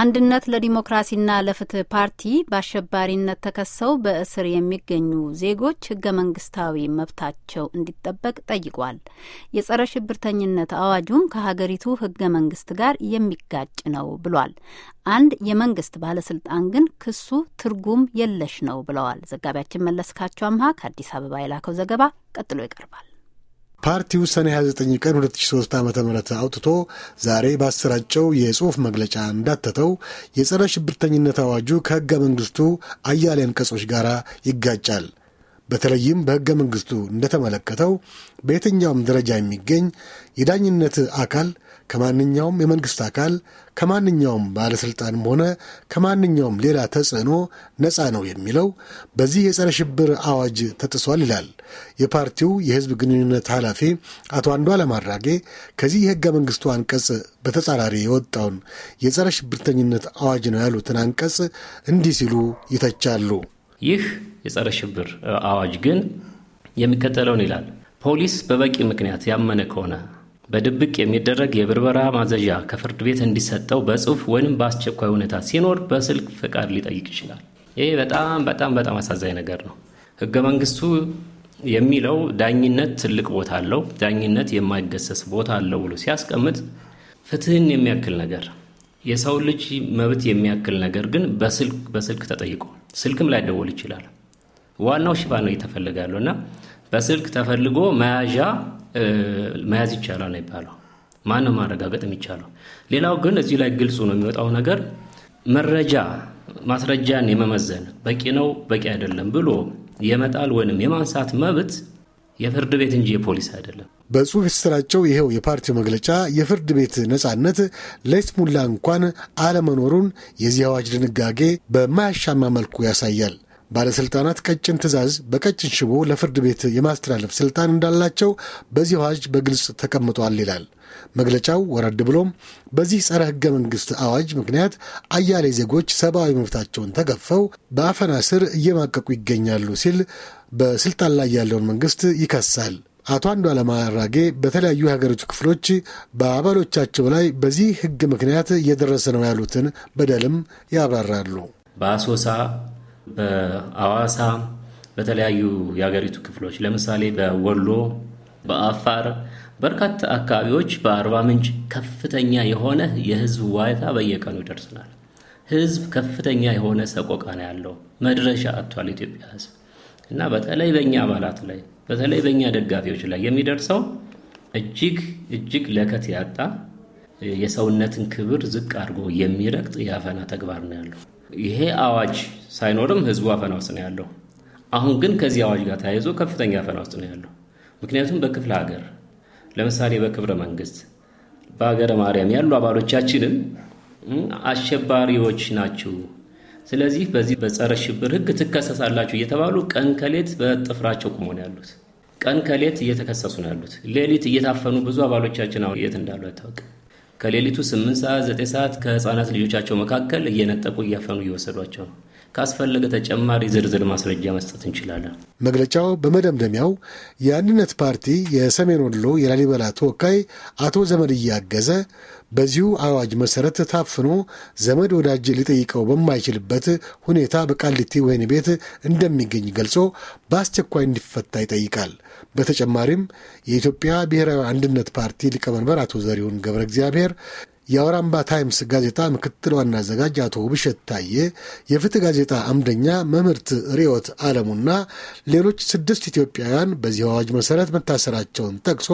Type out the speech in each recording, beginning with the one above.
አንድነት ለዲሞክራሲና ለፍትህ ፓርቲ በአሸባሪነት ተከሰው በእስር የሚገኙ ዜጎች ህገ መንግስታዊ መብታቸው እንዲጠበቅ ጠይቋል። የጸረ ሽብርተኝነት አዋጁም ከሀገሪቱ ህገ መንግስት ጋር የሚጋጭ ነው ብሏል። አንድ የመንግስት ባለስልጣን ግን ክሱ ትርጉም የለሽ ነው ብለዋል። ዘጋቢያችን መለስካቸው አምሃ ከአዲስ አበባ የላከው ዘገባ ቀጥሎ ይቀርባል። ፓርቲው ሰኔ 29 ቀን 2003 ዓ ም አውጥቶ ዛሬ ባሰራጨው የጽሑፍ መግለጫ እንዳተተው የጸረ ሽብርተኝነት አዋጁ ከሕገ መንግሥቱ አያሌ አንቀጾች ጋር ይጋጫል። በተለይም በሕገ መንግሥቱ እንደተመለከተው በየትኛውም ደረጃ የሚገኝ የዳኝነት አካል ከማንኛውም የመንግስት አካል ከማንኛውም ባለሥልጣንም ሆነ ከማንኛውም ሌላ ተጽዕኖ ነፃ ነው የሚለው በዚህ የጸረ ሽብር አዋጅ ተጥሷል ይላል። የፓርቲው የሕዝብ ግንኙነት ኃላፊ አቶ አንዱ አለማራጌ ከዚህ የሕገ መንግስቱ አንቀጽ በተጻራሪ የወጣውን የጸረ ሽብርተኝነት አዋጅ ነው ያሉትን አንቀጽ እንዲህ ሲሉ ይተቻሉ። ይህ የጸረ ሽብር አዋጅ ግን የሚከተለውን ይላል። ፖሊስ በበቂ ምክንያት ያመነ ከሆነ በድብቅ የሚደረግ የብርበራ ማዘዣ ከፍርድ ቤት እንዲሰጠው በጽሁፍ ወይም በአስቸኳይ ሁኔታ ሲኖር በስልክ ፍቃድ ሊጠይቅ ይችላል። ይሄ በጣም በጣም በጣም አሳዛኝ ነገር ነው። ህገ መንግስቱ የሚለው ዳኝነት ትልቅ ቦታ አለው፣ ዳኝነት የማይገሰስ ቦታ አለው ብሎ ሲያስቀምጥ ፍትህን የሚያክል ነገር የሰው ልጅ መብት የሚያክል ነገር ግን በስልክ በስልክ ተጠይቆ ስልክም ላይደወል ይችላል። ዋናው ሽፋን ላይ ተፈልጋለሁ እና በስልክ ተፈልጎ መያዣ መያዝ ይቻላል ነው ይባለው። ማንም ማረጋገጥ የሚቻለው። ሌላው ግን እዚህ ላይ ግልጹ ነው የሚወጣው ነገር መረጃ ማስረጃን የመመዘን በቂ ነው በቂ አይደለም ብሎ የመጣል ወይንም የማንሳት መብት የፍርድ ቤት እንጂ የፖሊስ አይደለም። በጽሁፍ የተሰራጨው ይኸው የፓርቲው መግለጫ የፍርድ ቤት ነጻነት ለይስሙላ እንኳን አለመኖሩን የዚህ አዋጅ ድንጋጌ በማያሻማ መልኩ ያሳያል። ባለስልጣናት ቀጭን ትዕዛዝ በቀጭን ሽቦ ለፍርድ ቤት የማስተላለፍ ስልጣን እንዳላቸው በዚህ አዋጅ በግልጽ ተቀምጧል ይላል መግለጫው። ወረድ ብሎም በዚህ ጸረ ሕገ መንግሥት አዋጅ ምክንያት አያሌ ዜጎች ሰብአዊ መብታቸውን ተገፈው በአፈና ስር እየማቀቁ ይገኛሉ ሲል በስልጣን ላይ ያለውን መንግስት ይከሳል። አቶ አንዱ አራጌ በተለያዩ የሀገሪቱ ክፍሎች በአባሎቻቸው ላይ በዚህ ህግ ምክንያት እየደረሰ ነው ያሉትን በደልም ያብራራሉ። በአሶሳ በአዋሳ በተለያዩ የሀገሪቱ ክፍሎች ለምሳሌ በወሎ፣ በአፋር በርካታ አካባቢዎች በአርባ ምንጭ ከፍተኛ የሆነ የህዝብ ዋይታ በየቀኑ ይደርስናል። ህዝብ ከፍተኛ የሆነ ሰቆቃ ነው ያለው። መድረሻ አቷል ኢትዮጵያ ህዝብ እና በተለይ በእኛ አባላት ላይ በተለይ በእኛ ደጋፊዎች ላይ የሚደርሰው እጅግ እጅግ ለከት ያጣ የሰውነትን ክብር ዝቅ አድርጎ የሚረግጥ የአፈና ተግባር ነው ያለው። ይሄ አዋጅ ሳይኖርም ህዝቡ አፈና ውስጥ ነው ያለው። አሁን ግን ከዚህ አዋጅ ጋር ተያይዞ ከፍተኛ አፈና ውስጥ ነው ያለው። ምክንያቱም በክፍለ ሀገር ለምሳሌ በክብረ መንግስት በሀገረ ማርያም ያሉ አባሎቻችንን አሸባሪዎች ናችሁ፣ ስለዚህ በዚህ በጸረ ሽብር ህግ ትከሰሳላችሁ እየተባሉ ቀን ከሌት በጥፍራቸው ቁሞ ነው ያሉት። ቀን ከሌት እየተከሰሱ ነው ያሉት። ሌሊት እየታፈኑ ብዙ አባሎቻችን አሁን የት እንዳሉ አይታወቅም። ከሌሊቱ ስምንት ሰዓት ዘጠኝ ሰዓት ከህፃናት ልጆቻቸው መካከል እየነጠቁ እያፈኑ እየወሰዷቸው ነው። ካስፈለገ ተጨማሪ ዝርዝር ማስረጃ መስጠት እንችላለን። መግለጫው በመደምደሚያው የአንድነት ፓርቲ የሰሜን ወሎ የላሊበላ ተወካይ አቶ ዘመድ እያገዘ በዚሁ አዋጅ መሰረት ታፍኖ ዘመድ ወዳጅ ሊጠይቀው በማይችልበት ሁኔታ በቃሊቲ ወህኒ ቤት እንደሚገኝ ገልጾ በአስቸኳይ እንዲፈታ ይጠይቃል። በተጨማሪም የኢትዮጵያ ብሔራዊ አንድነት ፓርቲ ሊቀመንበር አቶ ዘሪሁን ገብረ እግዚአብሔር የአውራምባ ታይምስ ጋዜጣ ምክትል ዋና አዘጋጅ አቶ ውብሸት ታየ፣ የፍትህ ጋዜጣ አምደኛ መምህርት ርዮት አለሙና ሌሎች ስድስት ኢትዮጵያውያን በዚህ አዋጅ መሰረት መታሰራቸውን ጠቅሶ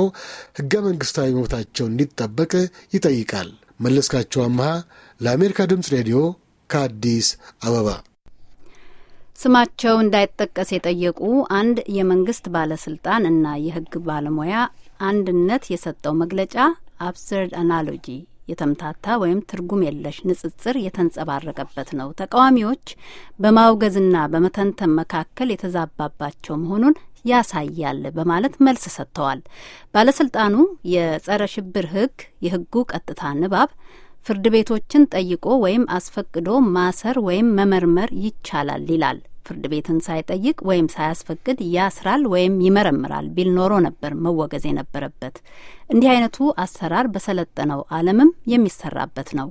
ህገ መንግሥታዊ መብታቸው እንዲጠበቅ ይጠይቃል። መለስካቸው አምሃ ለአሜሪካ ድምፅ ሬዲዮ ከአዲስ አበባ ስማቸው እንዳይጠቀስ የጠየቁ አንድ የመንግስት ባለስልጣን እና የህግ ባለሙያ አንድነት የሰጠው መግለጫ አብሰርድ አናሎጂ የተምታታ ወይም ትርጉም የለሽ ንጽጽር የተንጸባረቀበት ነው። ተቃዋሚዎች በማውገዝና በመተንተን መካከል የተዛባባቸው መሆኑን ያሳያል በማለት መልስ ሰጥተዋል። ባለስልጣኑ የጸረ ሽብር ህግ የህጉ ቀጥታ ንባብ ፍርድ ቤቶችን ጠይቆ ወይም አስፈቅዶ ማሰር ወይም መመርመር ይቻላል ይላል። ፍርድ ቤትን ሳይጠይቅ ወይም ሳያስፈቅድ ያስራል ወይም ይመረምራል ቢል ኖሮ ነበር መወገዝ የነበረበት። እንዲህ አይነቱ አሰራር በሰለጠነው ዓለምም የሚሰራበት ነው።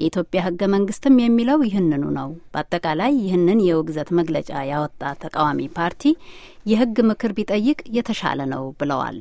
የኢትዮጵያ ህገ መንግስትም የሚለው ይህንኑ ነው። በአጠቃላይ ይህንን የውግዘት መግለጫ ያወጣ ተቃዋሚ ፓርቲ የህግ ምክር ቢጠይቅ የተሻለ ነው ብለዋል።